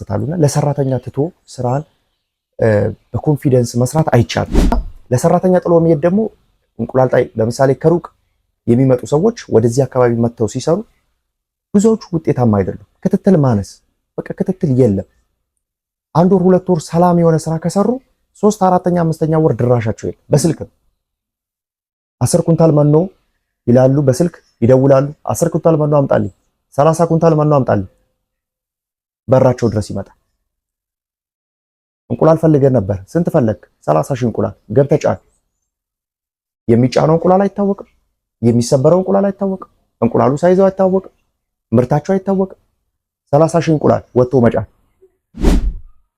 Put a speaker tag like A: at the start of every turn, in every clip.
A: ይከሰታሉና ለሰራተኛ ትቶ ስራን በኮንፊደንስ መስራት አይቻልም። ለሰራተኛ ጥሎ መሄድ ደግሞ እንቁላል ጣይ ለምሳሌ ከሩቅ የሚመጡ ሰዎች ወደዚህ አካባቢ መጥተው ሲሰሩ ብዙዎቹ ውጤታማ አይደሉም። ክትትል ማነስ፣ በቃ ክትትል የለም። አንድ ወር ሁለት ወር ሰላም የሆነ ስራ ከሰሩ ሶስት አራተኛ አምስተኛ ወር ድራሻቸው የለም። በስልክ ነው አስር ኩንታል መኖ ይላሉ። በስልክ ይደውላሉ። አስር ኩንታል መኖ አምጣልኝ፣ ሰላሳ ኩንታል መኖ አምጣልኝ። በራቸው ድረስ ይመጣል። እንቁላል ፈልገን ነበር። ስንት ፈለግ? ሰላሳ ሺህ እንቁላል ገብተህ ጫን። የሚጫነው እንቁላል አይታወቅም። የሚሰበረው እንቁላል አይታወቅም። እንቁላሉ ሳይዘው አይታወቅም። ምርታቸው አይታወቅም። 30 ሺህ እንቁላል ወጥቶ መጫን።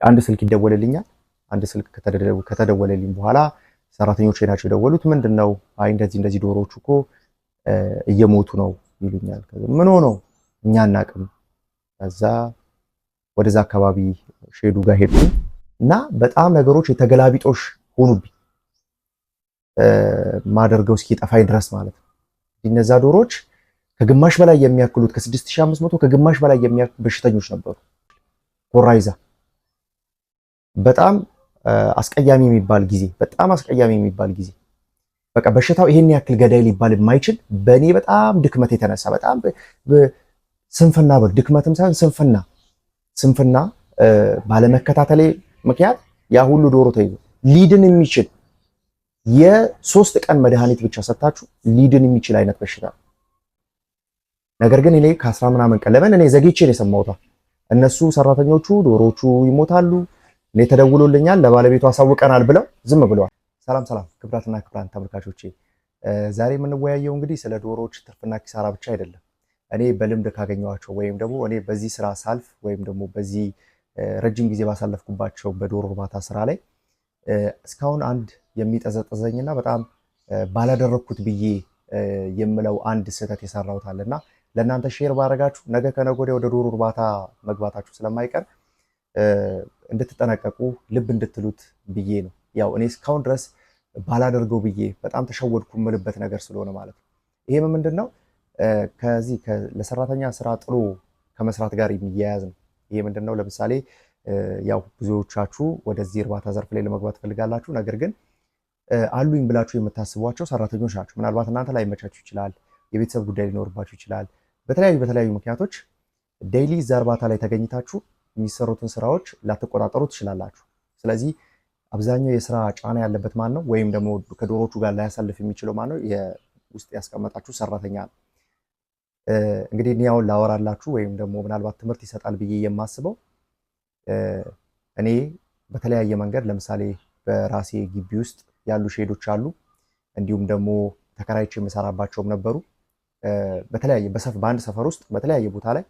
A: አንድ ስልክ ይደወልልኛል። አንድ ስልክ ከተደወለልኝ በኋላ ሰራተኞች ናቸው የደወሉት። ምንድን ነው? አይ እንደዚህ እንደዚህ ዶሮዎች እኮ እየሞቱ ነው ይሉኛል። ምን ሆነው? እኛ አናቅም። ከዛ ወደዛ አካባቢ ሼዱ ጋር ሄድኩ እና በጣም ነገሮች የተገላቢጦሽ ሆኑብኝ ማደርገው እስኪጠፋኝ ድረስ ማለት ነው። እነዛ ዶሮዎች ከግማሽ በላይ የሚያክሉት ከ6500 ከግማሽ በላይ የሚያክሉ በሽተኞች ነበሩ። ኮራይዛ በጣም አስቀያሚ የሚባል ጊዜ በጣም አስቀያሚ የሚባል ጊዜ በቃ በሽታው ይሄን ያክል ገዳይ ሊባል የማይችል በእኔ በጣም ድክመት የተነሳ በጣም ስንፍና በል ድክመትም ሳይሆን ስንፍና ስንፍና ባለመከታተሌ ምክንያት ያ ሁሉ ዶሮ ተይዞ ሊድን የሚችል የሶስት ቀን መድኃኒት ብቻ ሰጥታችሁ ሊድን የሚችል አይነት በሽታ ነው። ነገር ግን እኔ ከአስራ ምናምን ቀን ለምን እኔ ዘግቼ ነው የሰማሁት። እነሱ ሰራተኞቹ ዶሮቹ ይሞታሉ፣ እኔ ተደውሎልኛል፣ ለባለቤቱ አሳውቀናል ብለው ዝም ብለዋል። ሰላም ሰላም፣ ክብራትና ክብራን ተመልካቾቼ ዛሬ የምንወያየው እንግዲህ ስለ ዶሮዎች ትርፍና ኪሳራ ብቻ አይደለም። እኔ በልምድ ካገኘኋቸው ወይም ደግሞ እኔ በዚህ ስራ ሳልፍ ወይም ደግሞ በዚህ ረጅም ጊዜ ባሳለፍኩባቸው በዶሮ እርባታ ስራ ላይ እስካሁን አንድ የሚጠዘጠዘኝና በጣም ባላደረግኩት ብዬ የምለው አንድ ስህተት የሰራሁት አለና ለእናንተ ሼር ባረጋችሁ ነገ ከነገ ወዲያ ወደ ዶሮ እርባታ መግባታችሁ ስለማይቀር እንድትጠነቀቁ ልብ እንድትሉት ብዬ ነው። ያው እኔ እስካሁን ድረስ ባላደርገው ብዬ በጣም ተሸወድኩ የምልበት ነገር ስለሆነ ማለት ነው። ይሄም ምንድን ነው ከዚህ ለሰራተኛ ስራ ጥሎ ከመስራት ጋር የሚያያዝ ነው። ይሄ ምንድን ነው? ለምሳሌ ያው ብዙዎቻችሁ ወደዚህ እርባታ ዘርፍ ላይ ለመግባት ትፈልጋላችሁ። ነገር ግን አሉኝ ብላችሁ የምታስቧቸው ሰራተኞች ናቸው። ምናልባት እናንተ ላይ መቻችሁ ይችላል፣ የቤተሰብ ጉዳይ ሊኖርባችሁ ይችላል። በተለያዩ በተለያዩ ምክንያቶች ዴይሊ እዛ እርባታ ላይ ተገኝታችሁ የሚሰሩትን ስራዎች ላትቆጣጠሩ ትችላላችሁ። ስለዚህ አብዛኛው የስራ ጫና ያለበት ማን ነው? ወይም ደግሞ ከዶሮቹ ጋር ላያሳልፍ የሚችለው ማን ነው? ውስጥ ያስቀመጣችሁ ሰራተኛ ነው። እንግዲህ እኔ አሁን ላወራላችሁ ወይም ደግሞ ምናልባት ትምህርት ይሰጣል ብዬ የማስበው እኔ በተለያየ መንገድ ለምሳሌ በራሴ ግቢ ውስጥ ያሉ ሼዶች አሉ፣ እንዲሁም ደግሞ ተከራይቼ የምሰራባቸውም ነበሩ። በተለያየ በአንድ ሰፈር ውስጥ በተለያየ ቦታ ላይ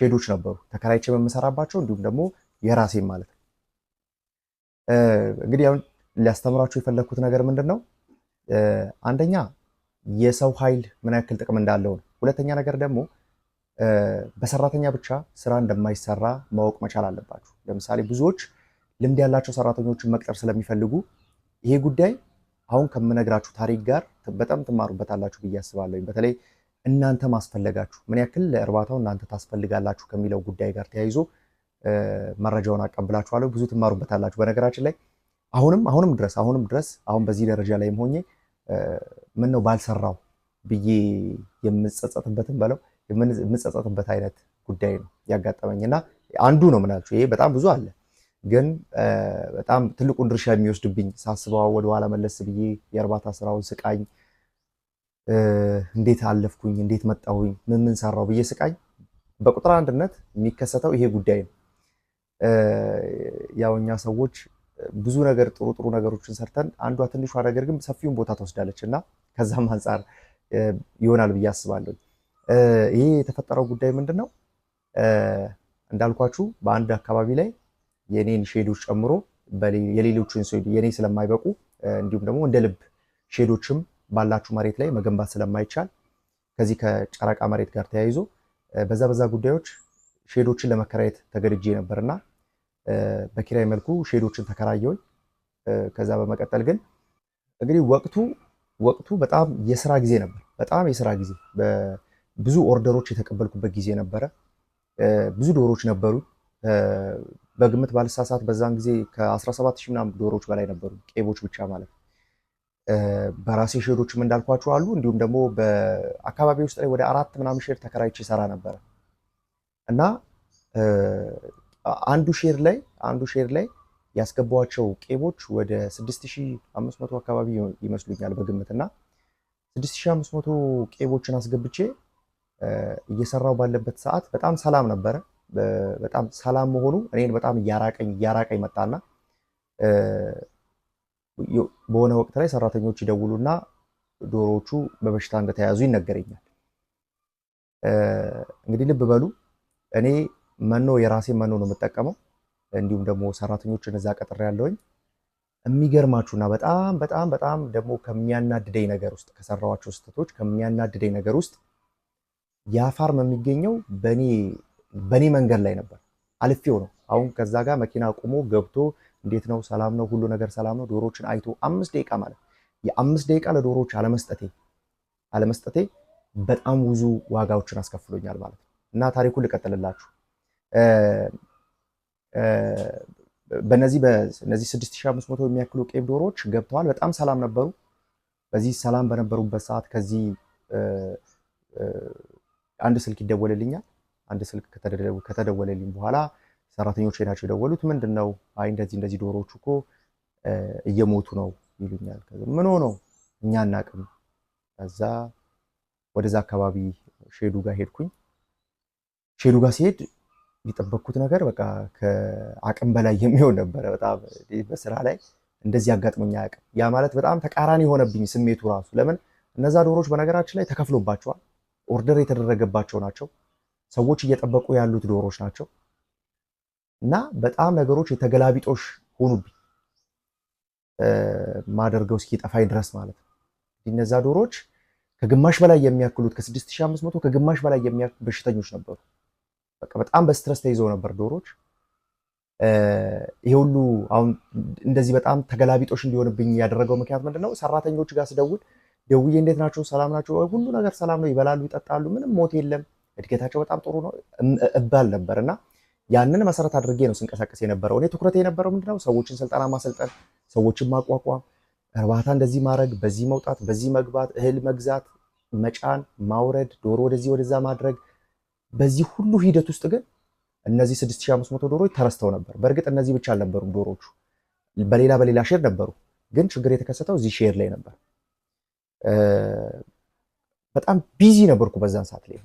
A: ሼዶች ነበሩ፣ ተከራይቼ የምሰራባቸው እንዲሁም ደግሞ የራሴም ማለት ነው። እንግዲህ አሁን ሊያስተምራችሁ የፈለግኩት ነገር ምንድን ነው? አንደኛ የሰው ኃይል ምን ያክል ጥቅም እንዳለው ነው። ሁለተኛ ነገር ደግሞ በሰራተኛ ብቻ ስራ እንደማይሰራ ማወቅ መቻል አለባችሁ። ለምሳሌ ብዙዎች ልምድ ያላቸው ሰራተኞችን መቅጠር ስለሚፈልጉ ይሄ ጉዳይ አሁን ከምነግራችሁ ታሪክ ጋር በጣም ትማሩበታላችሁ ብዬ አስባለሁ። በተለይ እናንተ ማስፈለጋችሁ ምን ያክል ለእርባታው እናንተ ታስፈልጋላችሁ ከሚለው ጉዳይ ጋር ተያይዞ መረጃውን አቀብላችኋለሁ። ብዙ ትማሩበታላችሁ። በነገራችን ላይ አሁንም አሁንም ድረስ አሁንም ድረስ አሁን በዚህ ደረጃ ላይ ሆኜ ምን ነው ባልሰራው ብዬ የምጸጸትበትን በለው የምጸጸትበት አይነት ጉዳይ ነው ያጋጠመኝ እና አንዱ ነው ምናቸው። ይሄ በጣም ብዙ አለ ግን በጣም ትልቁን ድርሻ የሚወስድብኝ ሳስበው ወደኋላ መለስ ብዬ የእርባታ ስራውን ስቃኝ እንዴት አለፍኩኝ፣ እንዴት መጣሁኝ፣ ምን ምን ሰራው ብዬ ስቃኝ በቁጥር አንድነት የሚከሰተው ይሄ ጉዳይ ነው። ያው እኛ ሰዎች ብዙ ነገር ጥሩ ጥሩ ነገሮችን ሰርተን አንዷ ትንሿ ነገር ግን ሰፊውን ቦታ ትወስዳለች እና ከዛም አንጻር ይሆናል ብዬ አስባለሁ። ይህ የተፈጠረው ጉዳይ ምንድን ነው? እንዳልኳችሁ በአንድ አካባቢ ላይ የኔን ሼዶች ጨምሮ የሌሎችን የኔ ስለማይበቁ እንዲሁም ደግሞ እንደ ልብ ሼዶችም ባላችሁ መሬት ላይ መገንባት ስለማይቻል ከዚህ ከጨረቃ መሬት ጋር ተያይዞ በዛ በዛ ጉዳዮች ሼዶችን ለመከራየት ተገድጄ ነበርና በኪራይ መልኩ ሼዶችን ተከራየሁኝ። ከዛ በመቀጠል ግን እንግዲህ ወቅቱ ወቅቱ በጣም የስራ ጊዜ ነበር። በጣም የስራ ጊዜ፣ ብዙ ኦርደሮች የተቀበልኩበት ጊዜ ነበረ። ብዙ ዶሮዎች ነበሩ። በግምት ባልሳሳት በዛን ጊዜ ከ17 ሺህ ምናምን ዶሮዎች በላይ ነበሩ፣ ቄቦች ብቻ ማለት በራሴ ሼሮችም እንዳልኳቸው አሉ። እንዲሁም ደግሞ በአካባቢ ውስጥ ላይ ወደ አራት ምናምን ሼር ተከራይቼ ሰራ ነበረ እና አንዱ ሼር ላይ አንዱ ሼር ላይ ያስገቧቸው ቄቦች ወደ 6500 አካባቢ ይመስሉኛል በግምት እና 6500 ቄቦችን አስገብቼ እየሰራው ባለበት ሰዓት በጣም ሰላም ነበረ። በጣም ሰላም መሆኑ እኔን በጣም እያራቀኝ እያራቀኝ መጣና በሆነ ወቅት ላይ ሰራተኞች ይደውሉና ዶሮዎቹ በበሽታ እንደተያዙ ይነገረኛል። እንግዲህ ልብ በሉ እኔ መኖ የራሴ መኖ ነው የምጠቀመው። እንዲሁም ደግሞ ሰራተኞች እነዛ ቀጥሬ ያለውኝ። የሚገርማችሁና በጣም በጣም በጣም ደግሞ ከሚያናድደኝ ነገር ውስጥ ከሰራዋቸው ስህተቶች ከሚያናድደኝ ነገር ውስጥ ያ ፋርም የሚገኘው በእኔ መንገድ ላይ ነበር፣ አልፌው ነው። አሁን ከዛ ጋር መኪና ቁሞ ገብቶ እንዴት ነው ሰላም ነው ሁሉ ነገር ሰላም ነው ዶሮዎችን አይቶ አምስት ደቂቃ ማለት የአምስት ደቂቃ ለዶሮዎች አለመስጠቴ አለመስጠቴ በጣም ብዙ ዋጋዎችን አስከፍሎኛል ማለት ነው። እና ታሪኩን ልቀጥልላችሁ። በነዚህ በነዚህ 6500 የሚያክሉ ቄብ ዶሮዎች ገብተዋል። በጣም ሰላም ነበሩ። በዚህ ሰላም በነበሩበት ሰዓት ከዚህ አንድ ስልክ ይደወልልኛል። አንድ ስልክ ከተደወለልኝ በኋላ ሰራተኞች ሄዳቸው የደወሉት ምንድን ነው? አይ እንደዚህ እንደዚህ ዶሮዎች እኮ እየሞቱ ነው ይሉኛል። ምን ሆነው? እኛ አናቅም። ከዛ ወደዛ አካባቢ ሼዱ ጋር ሄድኩኝ። ሼዱ ጋር ሲሄድ የጠበቅኩት ነገር በቃ ከአቅም በላይ የሚሆን ነበረ። በጣም በስራ ላይ እንደዚህ አጋጥሞኝ አያውቅም። ያ ማለት በጣም ተቃራኒ የሆነብኝ ስሜቱ ራሱ። ለምን እነዛ ዶሮዎች በነገራችን ላይ ተከፍሎባቸዋል፣ ኦርደር የተደረገባቸው ናቸው፣ ሰዎች እየጠበቁ ያሉት ዶሮዎች ናቸው። እና በጣም ነገሮች የተገላቢጦሽ ሆኑብኝ ማደርገው እስኪ ጠፋኝ ድረስ ማለት ነው። እነዛ ዶሮዎች ከግማሽ በላይ የሚያክሉት ከ6500 ከግማሽ በላይ የሚያክሉ በሽተኞች ነበሩ። በቃ በጣም በስትረስ ተይዘው ነበር ዶሮች። ይሄ ሁሉ አሁን እንደዚህ በጣም ተገላቢጦሽ እንዲሆንብኝ ያደረገው ምክንያት ምንድን ነው? ሰራተኞች ጋር ስደውል ደውዬ እንዴት ናቸው? ሰላም ናቸው? ሁሉ ነገር ሰላም ነው፣ ይበላሉ፣ ይጠጣሉ፣ ምንም ሞት የለም፣ እድገታቸው በጣም ጥሩ ነው እባል ነበር እና ያንን መሰረት አድርጌ ነው ስንቀሳቀስ የነበረው። እኔ ትኩረት የነበረው ምንድነው? ሰዎችን ስልጠና ማሰልጠን፣ ሰዎችን ማቋቋም፣ እርባታ እንደዚህ ማድረግ፣ በዚህ መውጣት፣ በዚህ መግባት፣ እህል መግዛት፣ መጫን፣ ማውረድ፣ ዶሮ ወደዚህ ወደዛ ማድረግ በዚህ ሁሉ ሂደት ውስጥ ግን እነዚህ 6500 ዶሮዎች ተረስተው ነበር። በእርግጥ እነዚህ ብቻ አልነበሩም ዶሮዎቹ፣ በሌላ በሌላ ሼር ነበሩ። ግን ችግር የተከሰተው እዚህ ሼር ላይ ነበር። በጣም ቢዚ ነበርኩ በዛን ሰዓት ላይ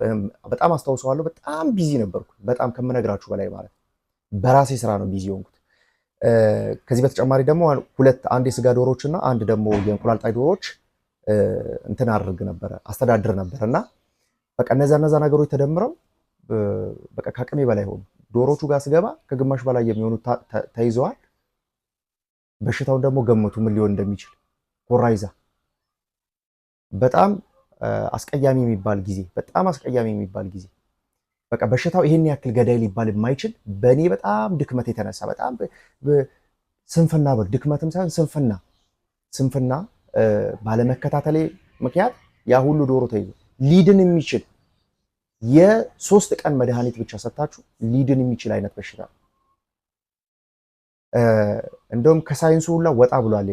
A: በጣም አስታውሰዋለሁ። በጣም ቢዚ ነበርኩ፣ በጣም ከምነግራችሁ በላይ ማለት በራሴ ስራ ነው ቢዚ ሆንኩት። ከዚህ በተጨማሪ ደግሞ ሁለት አንድ የስጋ ዶሮች እና አንድ ደግሞ ጣይ ዶሮዎች እንትን አድርግ ነበረ አስተዳድር ነበረ እና በቃ እነዛ እነዛ ነገሮች ተደምረው በቃ ከአቅሜ በላይ ሆኑ። ዶሮቹ ጋር ስገባ ከግማሽ በላይ የሚሆኑ ተይዘዋል። በሽታውን ደግሞ ገመቱ ምን ሊሆን እንደሚችል ኮራይዛ በጣም አስቀያሚ የሚባል ጊዜ በጣም አስቀያሚ የሚባል ጊዜ በቃ በሽታው ይሄን ያክል ገዳይ ሊባል የማይችል በእኔ በጣም ድክመት የተነሳ በጣም ስንፍና በል ድክመትም ሳይሆን ስንፍና ስንፍና ባለመከታተሌ ምክንያት ያ ሁሉ ዶሮ ተይዞ ሊድን የሚችል የሶስት ቀን መድኃኒት ብቻ ሰጥታችሁ ሊድን የሚችል አይነት በሽታ ነው። እንደውም ከሳይንሱ ሁላ ወጣ ብሏል።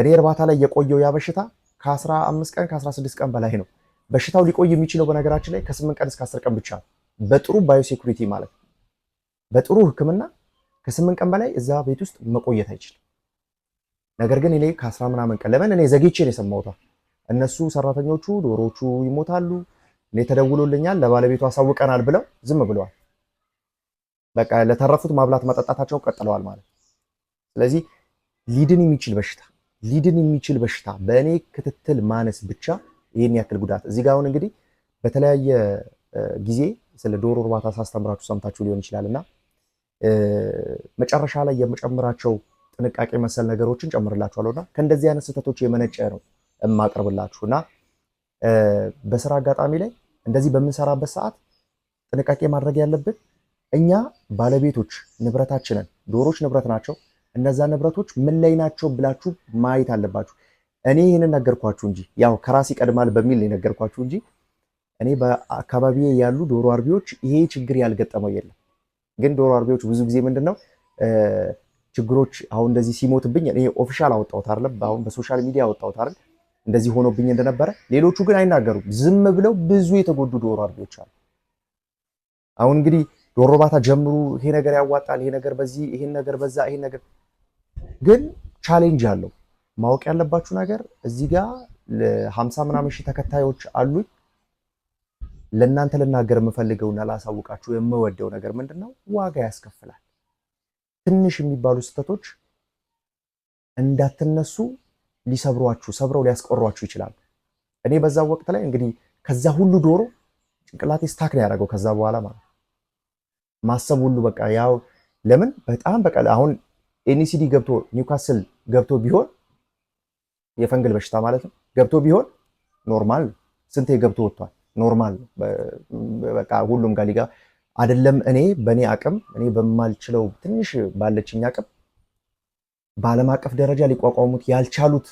A: እኔ እርባታ ላይ የቆየው ያ በሽታ ከ15 ቀን ከ16 ቀን በላይ ነው። በሽታው ሊቆይ የሚችለው በነገራችን ላይ ከ8 ቀን እስከ 10 ቀን ብቻ ነው። በጥሩ ባዮሴኩሪቲ ማለት ነው። በጥሩ ሕክምና ከ8 ቀን በላይ እዛ ቤት ውስጥ መቆየት አይችልም። ነገር ግን እኔ ከ10 ምናምን ቀን ለምን እኔ ዘግቼ ነው የሰማሁት። እነሱ ሰራተኞቹ ዶሮቹ ይሞታሉ እኔ ተደውሎልኛል፣ ለባለቤቱ አሳውቀናል ብለው ዝም ብለዋል። በቃ ለተረፉት ማብላት መጠጣታቸው ቀጥለዋል ማለት ስለዚህ ሊድን የሚችል በሽታ ሊድን የሚችል በሽታ በእኔ ክትትል ማነስ ብቻ ይህን ያክል ጉዳት እዚህ ጋር አሁን እንግዲህ በተለያየ ጊዜ ስለ ዶሮ እርባታ ሳስተምራችሁ ሰምታችሁ ሊሆን ይችላል እና መጨረሻ ላይ የምጨምራቸው ጥንቃቄ መሰል ነገሮችን ጨምርላችኋለሁ እና ከእንደዚህ አይነት ስህተቶች የመነጨ ነው የማቀርብላችሁ እና በስራ አጋጣሚ ላይ እንደዚህ በምንሰራበት ሰዓት ጥንቃቄ ማድረግ ያለብን እኛ ባለቤቶች ንብረታችንን፣ ዶሮች ንብረት ናቸው። እነዛ ንብረቶች ምን ላይ ናቸው ብላችሁ ማየት አለባችሁ። እኔ ይህንን ነገርኳችሁ እንጂ ያው ከራስ ይቀድማል በሚል የነገርኳችሁ እንጂ እኔ በአካባቢ ያሉ ዶሮ አርቢዎች ይሄ ችግር ያልገጠመው የለም። ግን ዶሮ አርቢዎች ብዙ ጊዜ ምንድን ነው ችግሮች አሁን እንደዚህ ሲሞትብኝ እኔ ኦፊሻል አወጣሁት አይደለም፣ አሁን በሶሻል ሚዲያ አወጣሁት አይደል እንደዚህ ሆኖብኝ እንደነበረ ሌሎቹ ግን አይናገሩም። ዝም ብለው ብዙ የተጎዱ ዶሮ አርቢዎች አሉ። አሁን እንግዲህ ዶሮ እርባታ ጀምሩ፣ ይሄ ነገር ያዋጣል፣ ይሄ ነገር በዚህ ይሄን ነገር በዛ ይሄን ነገር ግን ቻሌንጅ አለው። ማወቅ ያለባችሁ ነገር እዚህ ጋር ለሀምሳ ምናምን ሺህ ተከታዮች አሉኝ። ለእናንተ ልናገር የምፈልገውና ላሳውቃችሁ የምወደው ነገር ምንድን ነው? ዋጋ ያስከፍላል። ትንሽ የሚባሉ ስህተቶች እንዳትነሱ ሊሰብሯችሁ ሰብረው ሊያስቆሯችሁ ይችላል። እኔ በዛ ወቅት ላይ እንግዲህ ከዛ ሁሉ ዶሮ ጭንቅላቴ ስታክ ነው ያደረገው። ከዛ በኋላ ማለት ማሰብ ሁሉ በቃ ያው ለምን በጣም በቃ አሁን ኤኒሲዲ ገብቶ ኒውካስል ገብቶ ቢሆን የፈንግል በሽታ ማለት ነው ገብቶ ቢሆን ኖርማል ስንቴ ገብቶ ወጥቷል። ኖርማል በቃ ሁሉም ጋር ሊጋ አይደለም። እኔ በእኔ አቅም እኔ በማልችለው ትንሽ ባለችኝ አቅም በዓለም አቀፍ ደረጃ ሊቋቋሙት ያልቻሉት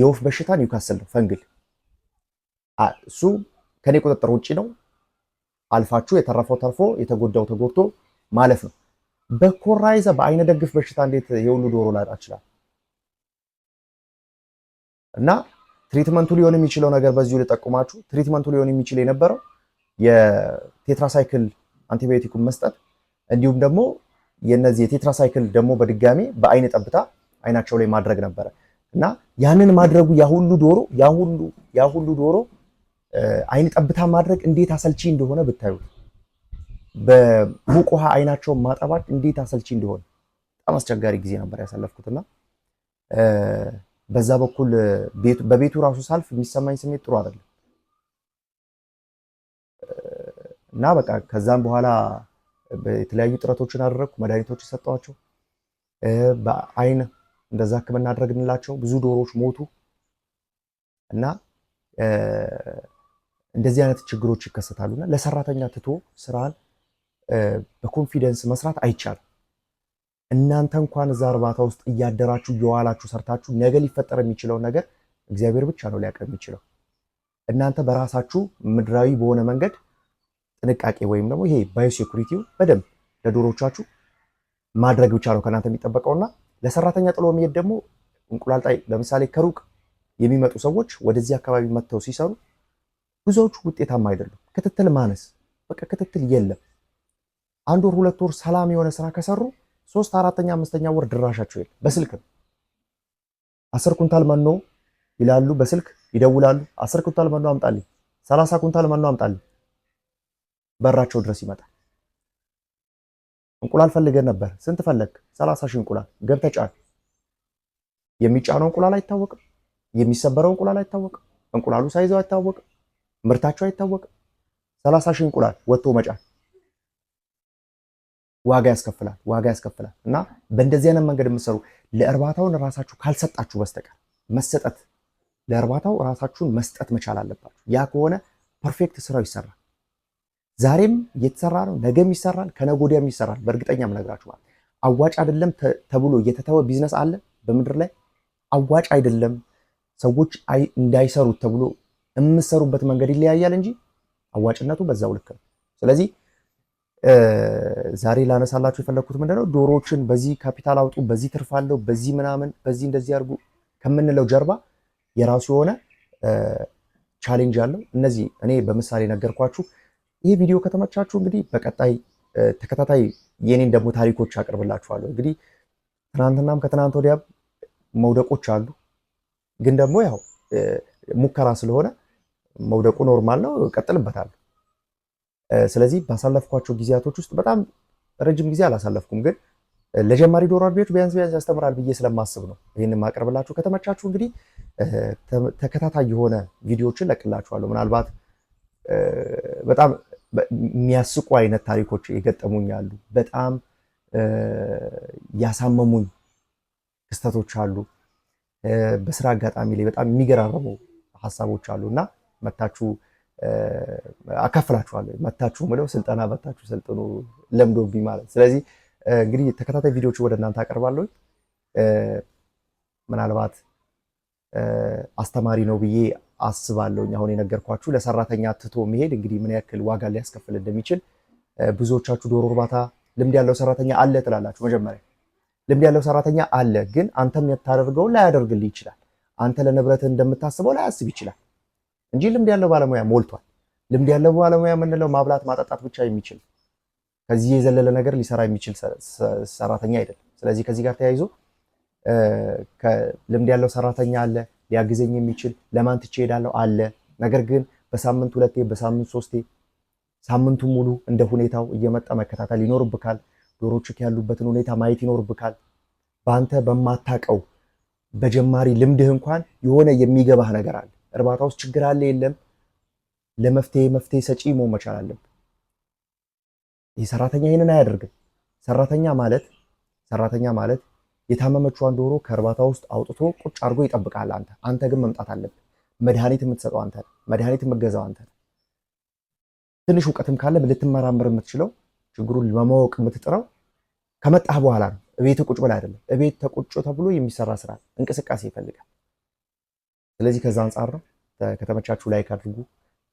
A: የወፍ በሽታ ኒውካስል ነው። ፈንግል እሱ ከኔ ቁጥጥር ውጭ ነው። አልፋችሁ የተረፈው ተርፎ የተጎዳው ተጎድቶ ማለፍ ነው። በኮራይዘ በአይነ ደግፍ በሽታ እንዴት የሁሉ ዶሮ ላጣ ይችላል? እና ትሪትመንቱ ሊሆን የሚችለው ነገር በዚሁ ልጠቁማችሁ። ትሪትመንቱ ሊሆን የሚችል የነበረው የቴትራሳይክል አንቲባዮቲኩም መስጠት እንዲሁም ደግሞ የነዚህ የቴትራሳይክል ደግሞ በድጋሚ በአይን ጠብታ አይናቸው ላይ ማድረግ ነበረ እና ያንን ማድረጉ ያሁሉ ዶሮ ያሁሉ ያሁሉ ዶሮ አይን ጠብታ ማድረግ እንዴት አሰልቺ እንደሆነ ብታዩት፣ በሙቅ ውሃ አይናቸውን ማጠባት እንዴት አሰልቺ እንደሆነ በጣም አስቸጋሪ ጊዜ ነበር ያሳለፍኩትና በዛ በኩል በቤቱ ራሱ ሳልፍ የሚሰማኝ ስሜት ጥሩ አይደለም እና በቃ ከዛም በኋላ የተለያዩ ጥረቶችን አደረግኩ። መድኃኒቶች ሰጠዋቸው። በአይን እንደዛ ህክምና አደረግንላቸው። ብዙ ዶሮዎች ሞቱ እና እንደዚህ አይነት ችግሮች ይከሰታሉ እና ለሰራተኛ ትቶ ስራን በኮንፊደንስ መስራት አይቻልም። እናንተ እንኳን እዛ እርባታ ውስጥ እያደራችሁ እየዋላችሁ ሰርታችሁ ነገ ሊፈጠር የሚችለውን ነገር እግዚአብሔር ብቻ ነው ሊያውቅ የሚችለው። እናንተ በራሳችሁ ምድራዊ በሆነ መንገድ ጥንቃቄ ወይም ደግሞ ይሄ ባዮሴኩሪቲው በደንብ ለዶሮቻችሁ ማድረግ ብቻ ነው ከእናንተ የሚጠበቀውና ለሰራተኛ ጥሎ መሄድ ደግሞ እንቁላል ጣይ ለምሳሌ ከሩቅ የሚመጡ ሰዎች ወደዚህ አካባቢ መጥተው ሲሰሩ ብዙዎቹ ውጤታማ አይደሉም። ክትትል ማነስ፣ በቃ ክትትል የለም። አንድ ወር ሁለት ወር ሰላም የሆነ ስራ ከሰሩ ሶስት አራተኛ አምስተኛ ወር ድራሻቸው የለም። በስልክ ነው አስር ኩንታል መኖ ይላሉ። በስልክ ይደውላሉ። አስር ኩንታል መኖ አምጣልኝ፣ ሰላሳ ኩንታል መኖ አምጣልኝ። በራቸው ድረስ ይመጣል። እንቁላል ፈልገን ነበር። ስንት ፈለግ? ሰላሳ ሺህ እንቁላል ገብተህ ጫን። የሚጫነው እንቁላል አይታወቅም። የሚሰበረው እንቁላል አይታወቅም። እንቁላሉ ሳይዘው አይታወቅም። ምርታቸው አይታወቅም። ሰላሳ ሺህ እንቁላል ወጥቶ መጫን ዋጋ ያስከፍላል። ዋጋ ያስከፍላል እና በእንደዚህ አይነት መንገድ የምትሰሩ ለእርባታውን ራሳችሁ ካልሰጣችሁ በስተቀር መሰጠት ለእርባታው ራሳችሁን መስጠት መቻል አለባችሁ። ያ ከሆነ ፐርፌክት ስራው ይሰራል። ዛሬም እየተሰራ ነው፣ ነገም ይሰራል፣ ከነገ ወዲያም ይሰራል። በእርግጠኛም ነግራችኋል። አዋጭ አይደለም ተብሎ እየተተወ ቢዝነስ አለ በምድር ላይ አዋጭ አይደለም ሰዎች እንዳይሰሩት ተብሎ የምሰሩበት መንገድ ይለያያል እንጂ አዋጭነቱ በዛው ልክ ነው። ስለዚህ ዛሬ ላነሳላችሁ የፈለግኩት ምንድነው ዶሮዎችን በዚህ ካፒታል አውጡ፣ በዚህ ትርፋለሁ፣ በዚህ ምናምን፣ በዚህ እንደዚህ አድርጉ ከምንለው ጀርባ የራሱ የሆነ ቻሌንጅ አለው። እነዚህ እኔ በምሳሌ ነገርኳችሁ። ይህ ቪዲዮ ከተመቻችሁ እንግዲህ በቀጣይ ተከታታይ የኔን ደግሞ ታሪኮች አቅርብላችኋለሁ። እንግዲህ ትናንትናም ከትናንት ወዲያ መውደቆች አሉ፣ ግን ደግሞ ያው ሙከራ ስለሆነ መውደቁ ኖርማል ነው፣ እቀጥልበታለሁ። ስለዚህ ባሳለፍኳቸው ጊዜያቶች ውስጥ በጣም ረጅም ጊዜ አላሳለፍኩም፣ ግን ለጀማሪ ዶሮ አርቢዎች ቢያንስ ቢያንስ ያስተምራል ብዬ ስለማስብ ነው ይህን ማቅረብላችሁ። ከተመቻችሁ እንግዲህ ተከታታይ የሆነ ቪዲዮዎችን ለቅላችኋለሁ ምናልባት በጣም የሚያስቁ አይነት ታሪኮች የገጠሙኝ አሉ። በጣም ያሳመሙኝ ክስተቶች አሉ። በስራ አጋጣሚ ላይ በጣም የሚገራረሙ ሀሳቦች አሉ እና መታችሁ አካፍላችኋለሁ። መታችሁ ምለው ስልጠና መታችሁ ስልጥኑ ለምዶብኝ ማለት። ስለዚህ እንግዲህ ተከታታይ ቪዲዮዎች ወደ እናንተ አቀርባለሁ። ምናልባት አስተማሪ ነው ብዬ አስባለሁ። አሁን የነገርኳችሁ ለሰራተኛ ትቶ መሄድ እንግዲህ ምን ያክል ዋጋ ሊያስከፍል እንደሚችል ብዙዎቻችሁ ዶሮ እርባታ ልምድ ያለው ሰራተኛ አለ ትላላችሁ። መጀመሪያ ልምድ ያለው ሰራተኛ አለ፣ ግን አንተም የታደርገው ላያደርግልህ ይችላል። አንተ ለንብረትህ እንደምታስበው ላያስብ ይችላል እንጂ ልምድ ያለው ባለሙያ ሞልቷል። ልምድ ያለው ባለሙያ የምንለው ማብላት ማጠጣት ብቻ የሚችል ከዚህ የዘለለ ነገር ሊሰራ የሚችል ሰራተኛ አይደለም። ስለዚህ ከዚህ ጋር ተያይዞ ልምድ ያለው ሰራተኛ አለ ሊያግዘኝ የሚችል ለማን ትቼ እሄዳለሁ አለ። ነገር ግን በሳምንት ሁለቴ በሳምንት ሶስቴ ሳምንቱ ሙሉ እንደ ሁኔታው እየመጣ መከታተል ይኖርብካል። ዶሮችክ ያሉበትን ሁኔታ ማየት ይኖርብካል። በአንተ በማታቀው በጀማሪ ልምድህ እንኳን የሆነ የሚገባህ ነገር አለ። እርባታ ውስጥ ችግር አለ የለም ለመፍትሄ መፍትሄ ሰጪ መሆን መቻል አለብን። ይህ ሰራተኛ ይህንን አያደርግም። ሰራተኛ ማለት ሰራተኛ ማለት የታመመችዋን ዶሮ ከእርባታ ውስጥ አውጥቶ ቁጭ አድርጎ ይጠብቃል። አንተ አንተ ግን መምጣት አለብህ። መድኃኒት የምትሰጠው አንተ ነህ። መድኃኒት የምገዛው አንተ ነህ። ትንሽ እውቀትም ካለ ልትመራምር የምትችለው ችግሩን ለማወቅ የምትጥረው ከመጣህ በኋላ ነው። እቤት ቁጭ ብለህ አይደለም። እቤት ተቁጭ ተብሎ የሚሰራ ስራ እንቅስቃሴ ይፈልጋል። ስለዚህ ከዛ አንጻር ነው። ከተመቻችሁ ላይክ አድርጉ።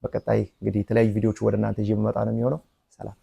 A: በቀጣይ እንግዲህ የተለያዩ ቪዲዮዎች ወደ እናንተ ይዤ የምመጣ ነው የሚሆነው። ሰላም